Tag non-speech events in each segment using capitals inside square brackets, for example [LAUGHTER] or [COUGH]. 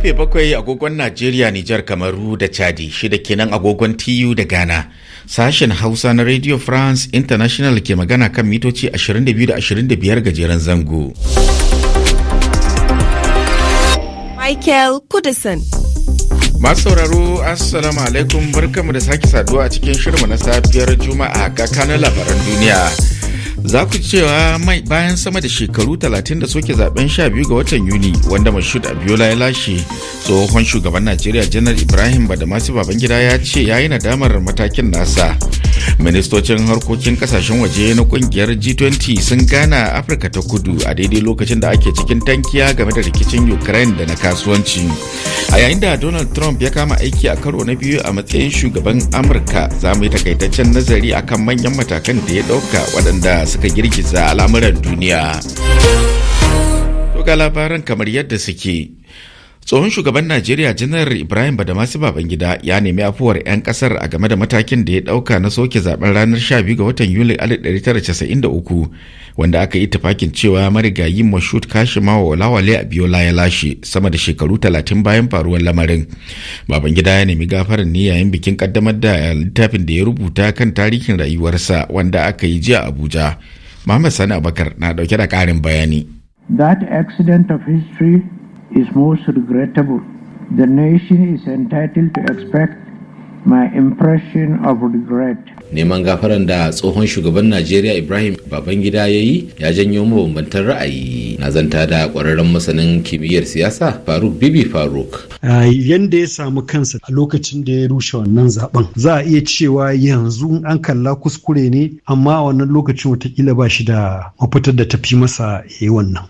Karfe bakwai agogon Najeriya, Nijar, Kamaru da Chadi, shida kenan agogon TU da Ghana. Sashen Hausa na Radio France International ke magana kan mitoci 22 25 gajeren zango. Michael Kudison. Masu sauraro Assalamu alaikum barkamu da sake saduwa a cikin shirma na safiyar Juma'a ga kanan labaran duniya. za ku cewa mai bayan sama da shekaru 30 da soke zaben 12 ga watan yuni wanda mashud abiola ya lashe tsohon shugaban najeriya janar ibrahim badamasi babangida ya ce ya yi nadamar matakin nasa ministocin harkokin kasashen waje na kungiyar g20 sun gana afirka ta kudu a daidai lokacin da ake cikin tankiya game da rikicin ukraine da na kasuwanci a yayin da donald trump ya kama aiki a karo na biyu a matsayin shugaban amurka za mu yi takaitaccen nazari akan manyan matakan da ya ɗauka waɗanda suka girgiza al'amuran duniya. ga labaran kamar yadda suke tsohon shugaban najeriya janar ibrahim badamasi babangida ya nemi afuwar 'yan kasar a game da matakin da ya dauka na soke zaben ranar 12 ga watan yuli 1993 wanda aka yi tafakin cewa marigayi mashut kashimawa walawale a biyola ya lashe sama da shekaru 30 bayan faruwar lamarin babangida ya nemi gafarar ne yayin bikin kaddamar da littafin da ya rubuta kan tarihin rayuwarsa wanda aka yi jiya abuja muhammad sani abakar na dauke da karin bayani that accident of history is most regrettable. The nation is entitled to expect my impression of regret. Neman gafaran da tsohon shugaban Najeriya Ibrahim Babangida ya yi ya janyo mabambantan ra'ayi na zanta da ƙwararren masanin kimiyyar siyasa Faruk Bibi Faruk. Yanda ya samu kansa a lokacin da ya rushe wannan zaben za a iya cewa yanzu an kalla kuskure ne amma a wannan lokacin watakila ba shi da mafitar da tafi masa ya yi wannan.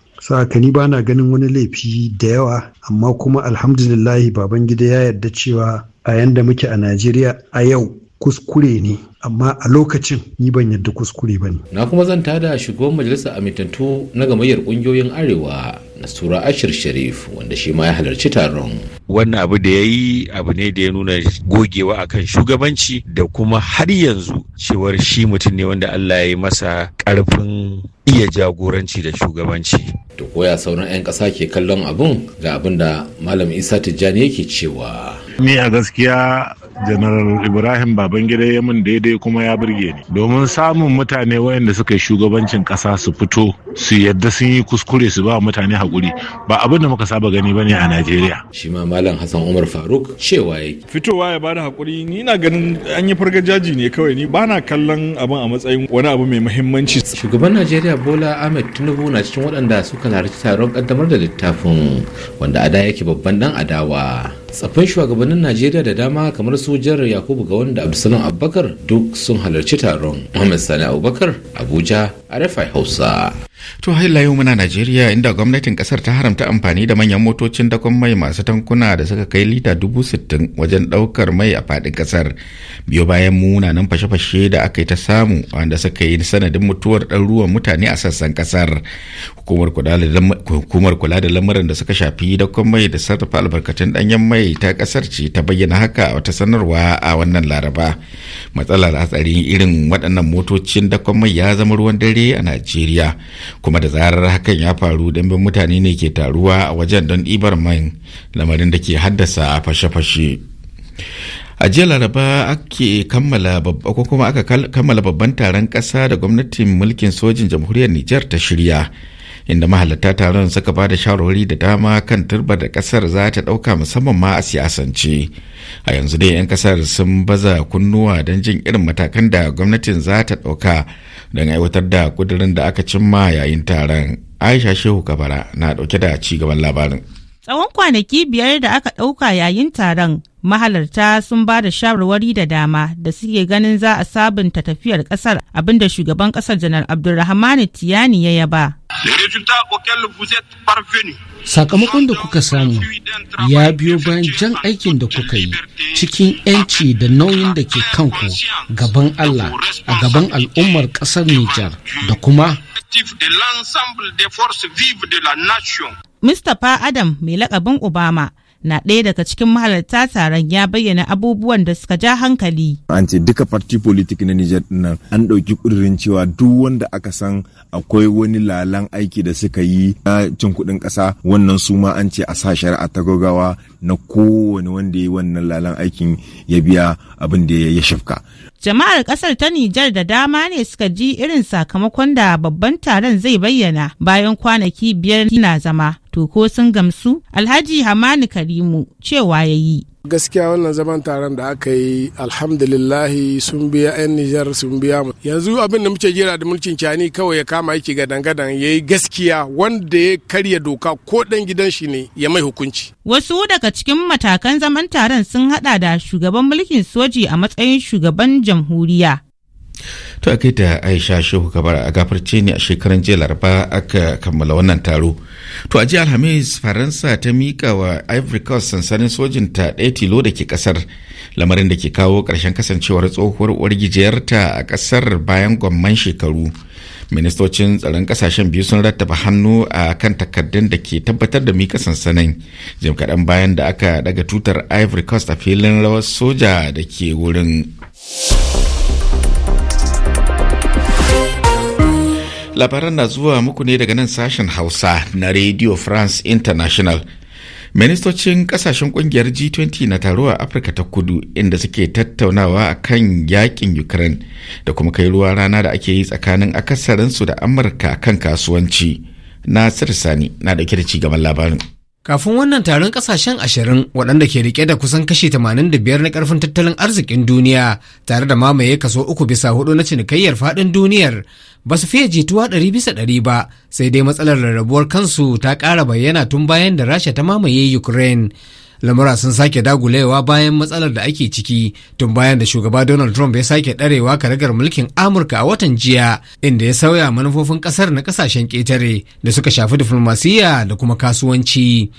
ni ba na ganin wani laifi da yawa amma kuma alhamdulillahi babangida ya yarda cewa a yanda muke a najeriya a yau kuskure ne amma a lokacin ni ban yadda kuskure ba ne. Na kuma zan tada shugaban majalisar amintattu na gamayyar kungiyoyin arewa Nasura Ashir Sharif wanda shi ma ya halarci taron. Wannan abu da ya yi abu ne da ya nuna gogewa akan shugabanci da kuma har yanzu cewar shi mutum ne wanda Allah ya yi masa ƙarfin iya jagoranci da shugabanci. To koya sauran 'yan ƙasa ke kallon abun ga abin da Malam Isa Tijjani yake cewa. Ni a gaskiya Janaral Ibrahim Babangida ya min daidai kuma ya burge ni. Domin samun mutane waɗanda suka yi shugabancin ƙasa su fito su yadda sun yi kuskure su ba mutane hakuri, ba abin da muka saba gani bane a Najeriya. Shi ma Malam Hassan Umar Faruk cewa ya Fitowa ya bada haƙuri ni na ganin an yi jaji ne kawai ni bana kallon abin a matsayin wani abu mai muhimmanci. Shugaban Najeriya Bola Ahmed Tinubu na cikin waɗanda suka halarci taron kaddamar da littafin wanda a da yake babban ɗan adawa. tsaffin shugabannin najeriya da dama kamar su yakubu ga wanda abdulsalam abubakar duk sun halarci taron muhammad sani abubakar abuja a hausa To haila yau muna Najeriya inda gwamnatin kasar ta haramta amfani da manyan motocin dakon mai masu tankuna da suka kai lita dubu sittin wajen daukar mai a fadin kasar. Biyo bayan munanan fashe-fashe da aka yi ta samu wanda suka yi sanadin mutuwar ɗaruruwan mutane a sassan kasar. Hukumar kula da lamarin da suka shafi dakon mai da sarrafa albarkatun ɗanyen mai ta kasar ce ta bayyana haka a wata sanarwa a wannan laraba. Matsalar hatsarin irin waɗannan motocin dakon mai ya zama ruwan dare a Najeriya. kuma da zarar hakan ya faru dambin mutane ne ke taruwa a wajen don ɗibar man lamarin da ke haddasa a fashe-fashe a jiya laraba ake kammala kuma aka kammala babban taron ƙasa da gwamnatin mulkin sojin jamhuriyar nijar ta shirya inda mahalarta taron suka ba da shawarwari da dama kan turba da kasar za ta ɗauka musamman ma a siyasance a yanzu dai 'yan kasar sun baza kunnuwa don jin irin matakan da gwamnatin za ta ɗauka don aiwatar da kudirin da aka cimma yayin taron aisha shehu kabara na ɗauke da ci gaban labarin tsawon kwanaki biyar da aka ɗauka yayin taron mahalarta sun ba da shawarwari da dama da suke ganin za a sabunta tafiyar kasar abinda shugaban kasar janar abdulrahmani tiyani ya yaba sakamakon da kuka samu ya biyo bayan jan aikin da kuka yi cikin 'yanci da nauyin da ke kanku gaban allah a gaban al'ummar kasar nijar da kuma fa adam mai lakabin obama na ɗaya daga cikin mahalarta taron ya bayyana abubuwan da suka ja hankali. An ce duka parti politik na Nijar nan an ɗauki ƙudurin cewa duk wanda aka san akwai wani lalan aiki da suka yi na cin kuɗin ƙasa wannan su ma an ce a sa shari'a ta gaggawa na kowane wanda ya yi wannan lalan aikin ya biya abin da ya shafka. Jama'ar kasar ta Nijar da dama ne suka ji irin sakamakon da babban taron zai bayyana bayan kwanaki biyar na zama. to ko sun gamsu alhaji hamani karimu cewa ya yi gaskiya wannan zaman taron da aka yi alhamdulillahi sun biya 'yan nijar sun biya mu yanzu abin da muke jira da mulkin cani kawai ya kama yake ga dangadan ya yi gaskiya wanda ya karya doka ko dan gidan shi ne ya mai hukunci wasu daga cikin matakan zaman taron sun hada da shugaban mulkin soji a matsayin shugaban jamhuriya to a kai da aisha shehu kabar a gafarce ne a shekaran jiya laraba aka kammala wannan taro to a jiya alhamis faransa ta mika wa ivory coast sansanin sojin ta ɗaya tilo da ke kasar lamarin da ke kawo ƙarshen kasancewar tsohuwar wargijiyarta a kasar bayan gwamman shekaru ministocin tsaron kasashen biyu sun rattaba hannu a kan takardun da ke tabbatar da mika sansanin jim kaɗan bayan da aka daga tutar ivory coast a filin rawar soja da ke wurin labaran na zuwa muku ne daga nan sashen hausa na radio france international ministocin kasashen kungiyar g20 na taro a afirka ta kudu inda suke tattaunawa a kan yakin ukraine da kuma kai ruwa rana da ake yi tsakanin akasarinsu da amurka kan kasuwanci na sani na dauke da cigaban labarin Kafin wannan taron kasashen ashirin waɗanda ke rike da kusan kashi 85 na ƙarfin tattalin arzikin duniya tare da mamaye kaso uku bisa hudu na cinikayyar faɗin duniyar ba su fiye jituwa 100 bisa 100 ba sai dai matsalar rarrabuwar kansu ta ƙara bayyana tun bayan da rasha ta mamaye Ukraine. lamura sun sake dagulewa bayan matsalar da ake ciki tun bayan da shugaba donald trump ya sake ɗarewa karagar mulkin amurka a watan jiya inda ya sauya manufofin ƙasar na ƙasashen ƙetare da suka shafi diflomasiyya da kuma kasuwanci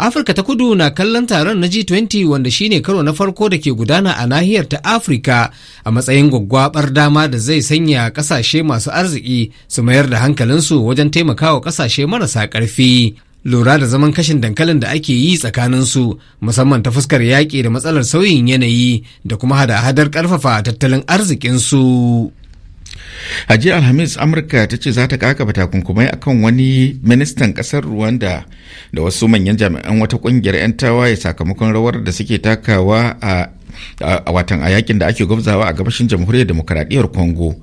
afirka ta kudu na kallon taron na g20 wanda shine karo na farko da ke gudana a nahiyar ta afirka a matsayin gwaggwabar dama da zai sanya kasashe masu arziki su mayar da hankalinsu wajen taimakawa kasashe marasa karfi lura da zaman kashin dankalin da ake yi tsakaninsu musamman ta fuskar yaƙi da matsalar sauyin yanayi da kuma hada-hadar ƙarfafa tattalin arzikinsu. Haji Alhamis Amurka ta ce za ta kakaba takunkumai akan wani ministan ƙasar Rwanda da wasu manyan jami'an wata ƙungiyar 'yan tawaye sakamakon rawar da suke takawa a a watan a yakin da ake gwabzawa a gabashin jamhuriyar demokaradiyyar congo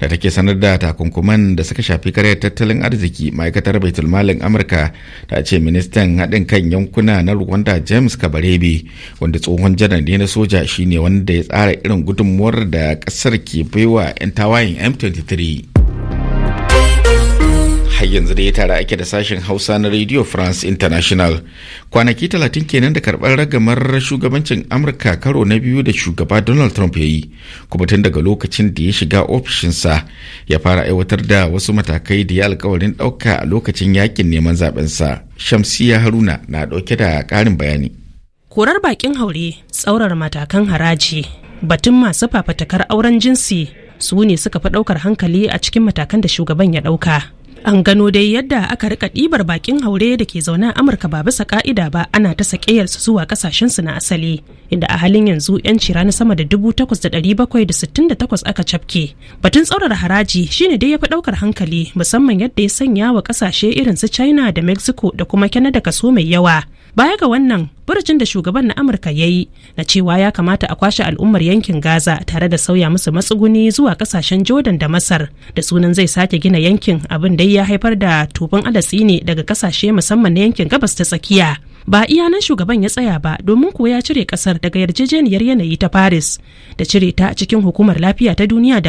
da take sanar da takunkuman da suka shafi karyar tattalin arziki ma'aikatar baitulmalin amurka ta ce ministan haɗin kan yankuna na rwanda james kabarebe wanda tsohon janar ne na soja shine wanda ya tsara irin gudunmuwar da ƙasar ke baiwa 'yan tawayen m23 har yanzu da ya tara ake da sashen hausa na radio france international kwanaki talatin kenan da karbar ragamar shugabancin amurka karo na biyu da shugaba donald trump ya yi kuma tun daga lokacin da ya shiga ofishinsa ya fara aiwatar da wasu matakai da ya alkawarin ɗauka a lokacin yakin neman zaɓensa shamsiya haruna na ɗauke da ƙarin bayani korar bakin haure tsaurar matakan haraji batun masu fafatakar auren jinsi su ne suka fi ɗaukar hankali a cikin matakan da shugaban ya ɗauka an gano dai yadda aka rika ɗibar bakin haure da ke zaune a amurka ba bisa ka'ida ba ana ta sakeyarsu zuwa ƙasashensu na asali inda a halin yanzu 'yanci rana sama da 8,768 aka cafke batun tsaurar haraji shine dai ya fi ɗaukar hankali musamman yadda ya sanya wa kasashe irin su china da mexico da kuma canada kaso mai yawa baya ga wannan burjin da shugaban na amurka ya yi na cewa ya kamata a kwashe al'ummar yankin gaza tare da sauya musu matsuguni zuwa kasashen jordan da masar da sunan zai sake gina yankin abin da ya haifar da tubin alatsi ne daga kasashe musamman na yankin gabas ta tsakiya ba iya nan shugaban ya tsaya ba domin kuwa ya cire kasar daga yarjejeniyar yanayi ta paris da cire ta cikin hukumar lafiya ta duniya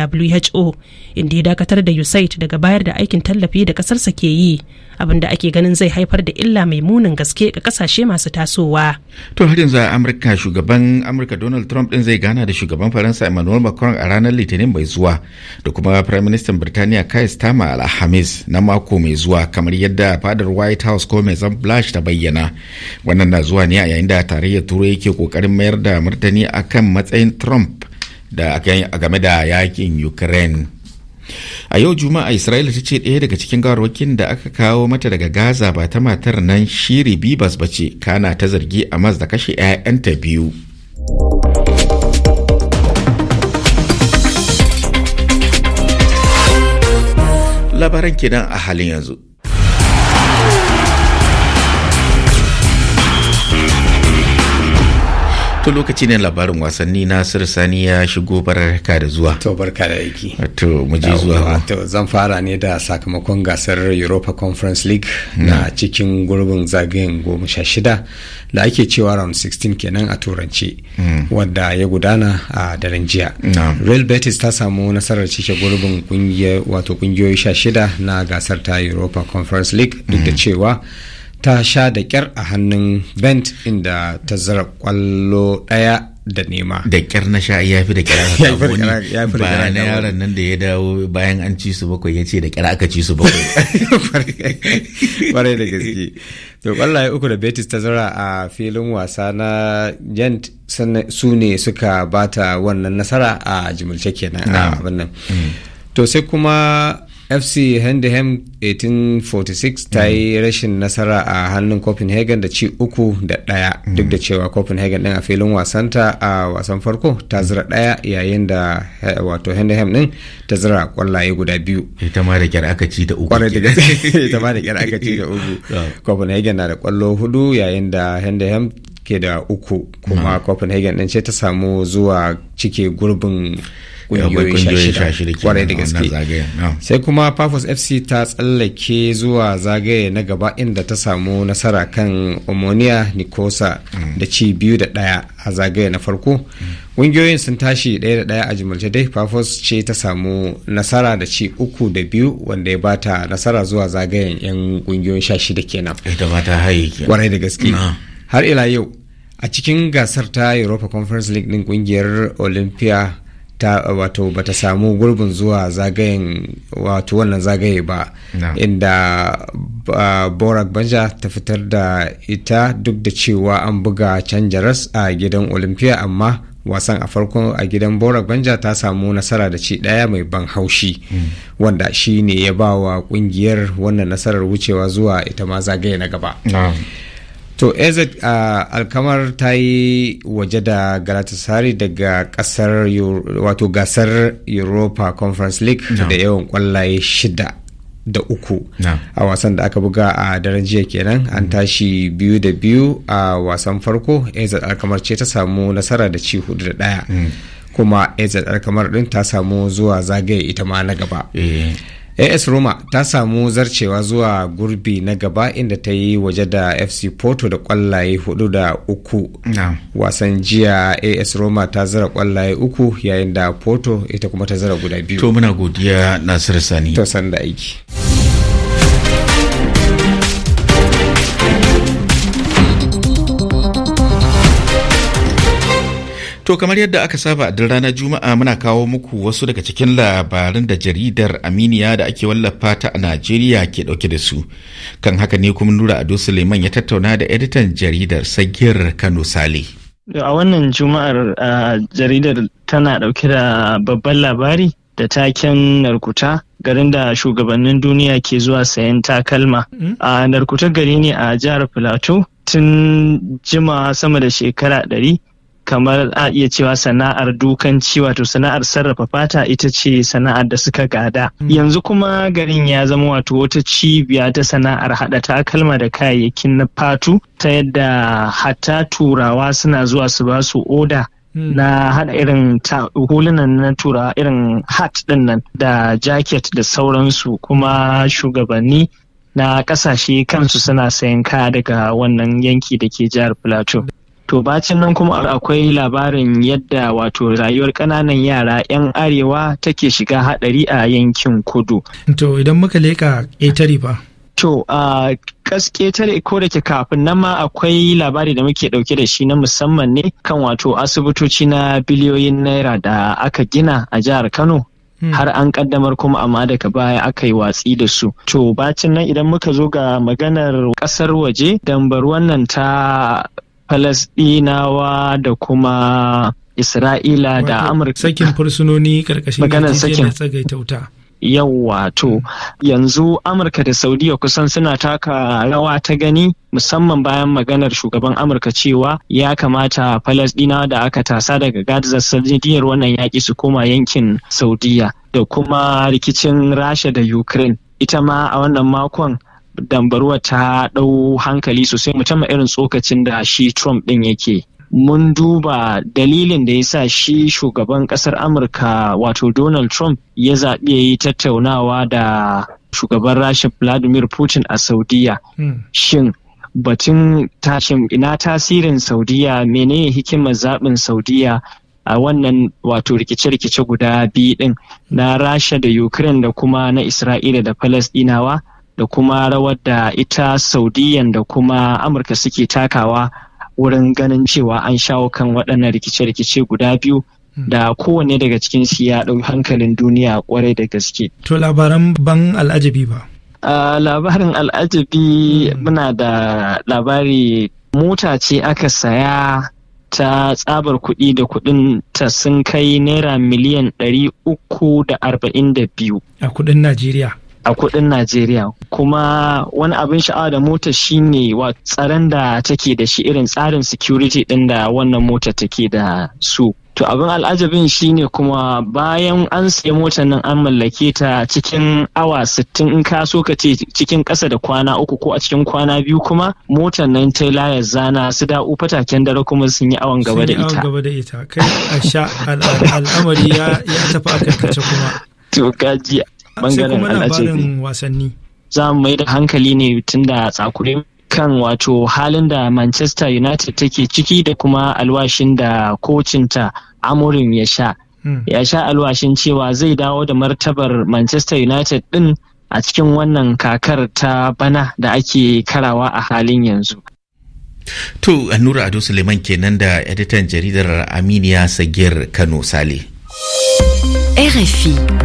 who inda ya dakatar da usaid daga bayar da aikin tallafi da kasarsa ke yi abin da ake ganin zai haifar da illa mai munin gaske ga kasashe masu tasowa to har yanzu a amurka shugaban amurka donald trump din zai gana da shugaban faransa emmanuel macron a ranar litinin mai zuwa da kuma prime minister birtaniya kai stama alhamis na mako mai zuwa kamar yadda fadar white house ko mai zan ta bayyana wannan na zuwa ne a yayin da tarayyar turai yake kokarin mayar da martani akan matsayin trump da game da yakin ukraine a yau juma'a isra'ila ta ce ɗaya daga cikin gawarwakin da aka kawo mata daga gaza ba ta matar nan shiri bibas ba ce kana ta zargi a da kashe 'ya'yanta biyu labaran kenan a halin yanzu to lokaci ne labarin wasanni nasir sani ya shigo barka da zuwa to barka da aiki to mu je zuwa to zan fara ne da sakamakon gasar europa conference league na hmm. cikin gurbin zagayen goma sha shida da ake cewa round 16 kenan a turanci hmm. wadda ya gudana a daren jiya real betis ta samu nasarar cike gurbin wato kungiyoyi sha shida na gasar ta europa conference league duk da hmm. cewa ta sha da kyar a hannun bent inda ta zara kwallo daya da nema da kyar na sha ya fi da kyar aka [LAUGHS] kawo ni bayan yaron nan da ya dawo bayan an ci su bakwai ya ce da kyar aka ci su bakwai [LAUGHS] kwarai da gaske to kwallaye uku da betis ta zara a filin wasa na gent su ne suka bata wannan nasara a jimilce kenan a wannan mm. to sai kuma fc hendham 1846 ta yi mm. rashin nasara a hannun copenhagen da ci uku da daya mm. duk da cewa copenhagen din a filin wasanta a wasan farko ta zira daya mm. yayin da eh, wato hendham din ta zira kwallaye guda biyu ita ma da kyar aka ci da uku [LAUGHS] ita ma da kyar aka ci da uku [LAUGHS] copenhagen na da kwallo hudu yayin da hendham ke da uku kuma copenhagen din ce ta samu zuwa cike gurbin kungiyoyin shashi da kwarai da gaske sai kuma pafos fc ta tsallake zuwa zagaye na gaba inda ta samu nasara kan omonia nikosa mm. da ci biyu da daya a zagaye na farko mm. ƙungiyoyin sun tashi ɗaya da ɗaya a jimilce dai pafos ce ta samu nasara da ci uku da biyu wanda ya bata nasara zuwa zagayen yan ƙungiyoyin sha shida kenan ita ma ta haye kwarai da gaske har ila yau a cikin gasar ta europa conference league din ƙungiyar olympia ta wato bata samu gurbin zuwa zagayen wato wannan zagaye ba inda borak banja ta fitar da ita duk da cewa an buga can jaras a gidan olympia amma wasan a farkon a gidan borak banja ta samu nasara da ci daya mai ban haushi hmm. wanda shi ne ya ba wa kungiyar wannan nasarar wucewa zuwa ita ma zagaye na gaba to al alkamar ta yi waje da galatasari daga kasar wato gasar europa conference league da yawan kwallaye shida da uku a wasan da aka buga a daren jiya kenan an mm-hmm. tashi biyu da biyu a wasan farko al alkamar ce ta samu nasara da ci hudu da daya mm. kuma ez alkamar din ta samu zuwa zagaye ita ma na gaba eh. AS Roma ta samu zarcewa zuwa gurbi na gaba inda ta yi waje da FC Porto da kwallaye hudu da uku. Wasan jiya AS Roma ta zara kwallaye uku yayin da Porto ita kuma ta zara guda biyu. To muna godiya Nasiru Sani. To sanda aiki. To kamar yadda aka saba a duk ranar Juma'a muna kawo muku wasu daga cikin labarin da jaridar Aminiya da ake wallafa ta a Najeriya ke dauke da su. Kan haka ne kuma Nura Ado Suleiman ya tattauna da editan jaridar Sagir Kano Sale. A wannan Juma'ar jaridar tana dauke da babban labari da taken narkuta garin da shugabannin duniya ke zuwa sayan takalma. Hmm? A narkuta gari ne a jihar Filato tun jima sama da shekara ɗari kamar a iya cewa sana'ar dukanci wato sana'ar sarrafa fata ita ce sana'ar da suka gada hmm. yanzu kuma garin ya zama wato wata cibiya ta sana'ar haɗa takalma da kayayyakin na fatu ta yadda hatta turawa suna zuwa su ba su oda hmm. na hada irin hulunan na tura irin hat ɗinnan, da jacket da sauransu kuma shugabanni na ƙasashe kansu suna sayan kaya daga wannan yanki da ke jihar plateau To bacin nan kuma akwai labarin yadda wato rayuwar kananan yara 'yan arewa take shiga haɗari a yankin kudu. To idan muka leƙa ƙetare ba. To a tare ko da ke kafin nan ma akwai labari da muke ɗauke da shi na musamman ne kan wato asibitoci na biliyoyin naira da aka gina a jihar Kano Hmm. har an kaddamar kuma amma daga baya aka yi watsi da su. To bacin nan idan muka zo ga maganar kasar waje dambar wannan ta Falasɗinawa da kuma Isra'ila da Amurka. Sakin fursunoni sakin to yanzu Amurka da Saudiya kusan suna taka rawa ta gani musamman bayan maganar shugaban Amurka cewa ya kamata Falasɗinawa da aka tasa daga Gaza sanadiyar wannan yaƙi su koma yankin Saudiya da kuma rikicin Rasha da Ukraine. ita ma a wannan makon dambaruwa ta ɗau hankali sosai musamman irin tsokacin da shi Trump ɗin yake. Mun duba dalilin da ya sa shi shugaban ƙasar Amurka wato Donald Trump ya zaɓi ya yi tattaunawa da shugaban Rasha Vladimir Putin a Saudiya. Hmm. Shin batun tashin ina tasirin Saudiya menene hikimar zaɓin Saudiya a wannan wato rikice-rikice guda biyu ɗin na Rasha da Ukraine da kuma na Isra'ila da Falasɗinawa? da kuma rawar da ita saudiyan da kuma amurka suke takawa wurin ganin cewa an shawo kan waɗannan rikice-rikice guda biyu hmm. da kowanne daga cikin ya ɗau hankalin duniya kwarai da gaske. To labaran ban al'ajabi ba? labarin al'ajabi hmm. muna da labari mota ce aka saya ta tsabar kuɗi da kuɗin ta sun kai naira miliyan 342. A kuɗin Najeriya? a kudin Najeriya kuma wani abin sha'awa da mota shine wa tsaron da take da shi irin tsarin security ɗin da wannan mota take da su To abin al'ajabin shine kuma bayan an sayi mota nan an mallake ta cikin awa 60 in ka so ka ce cikin ƙasa da kwana uku ko a cikin kwana biyu kuma mota nan ta layar zana su da fataken dare kuma sun yi awon gaba da ita. Sun yi gaba da kai a sha al'amari ya tafi a karkace kuma. To gajiya. bangaren za mu mai da hankali ne tun da tsakure kan wato halin da manchester united take ciki da kuma alwashin da kocinta amurin ya sha hmm. ya sha alwashin cewa zai dawo da martabar manchester united din a cikin wannan kakar ta bana da ake karawa a halin yanzu To, Nura Ado Suleiman kenan da editan jaridar Aminiya Sagir Kano Sale. RFI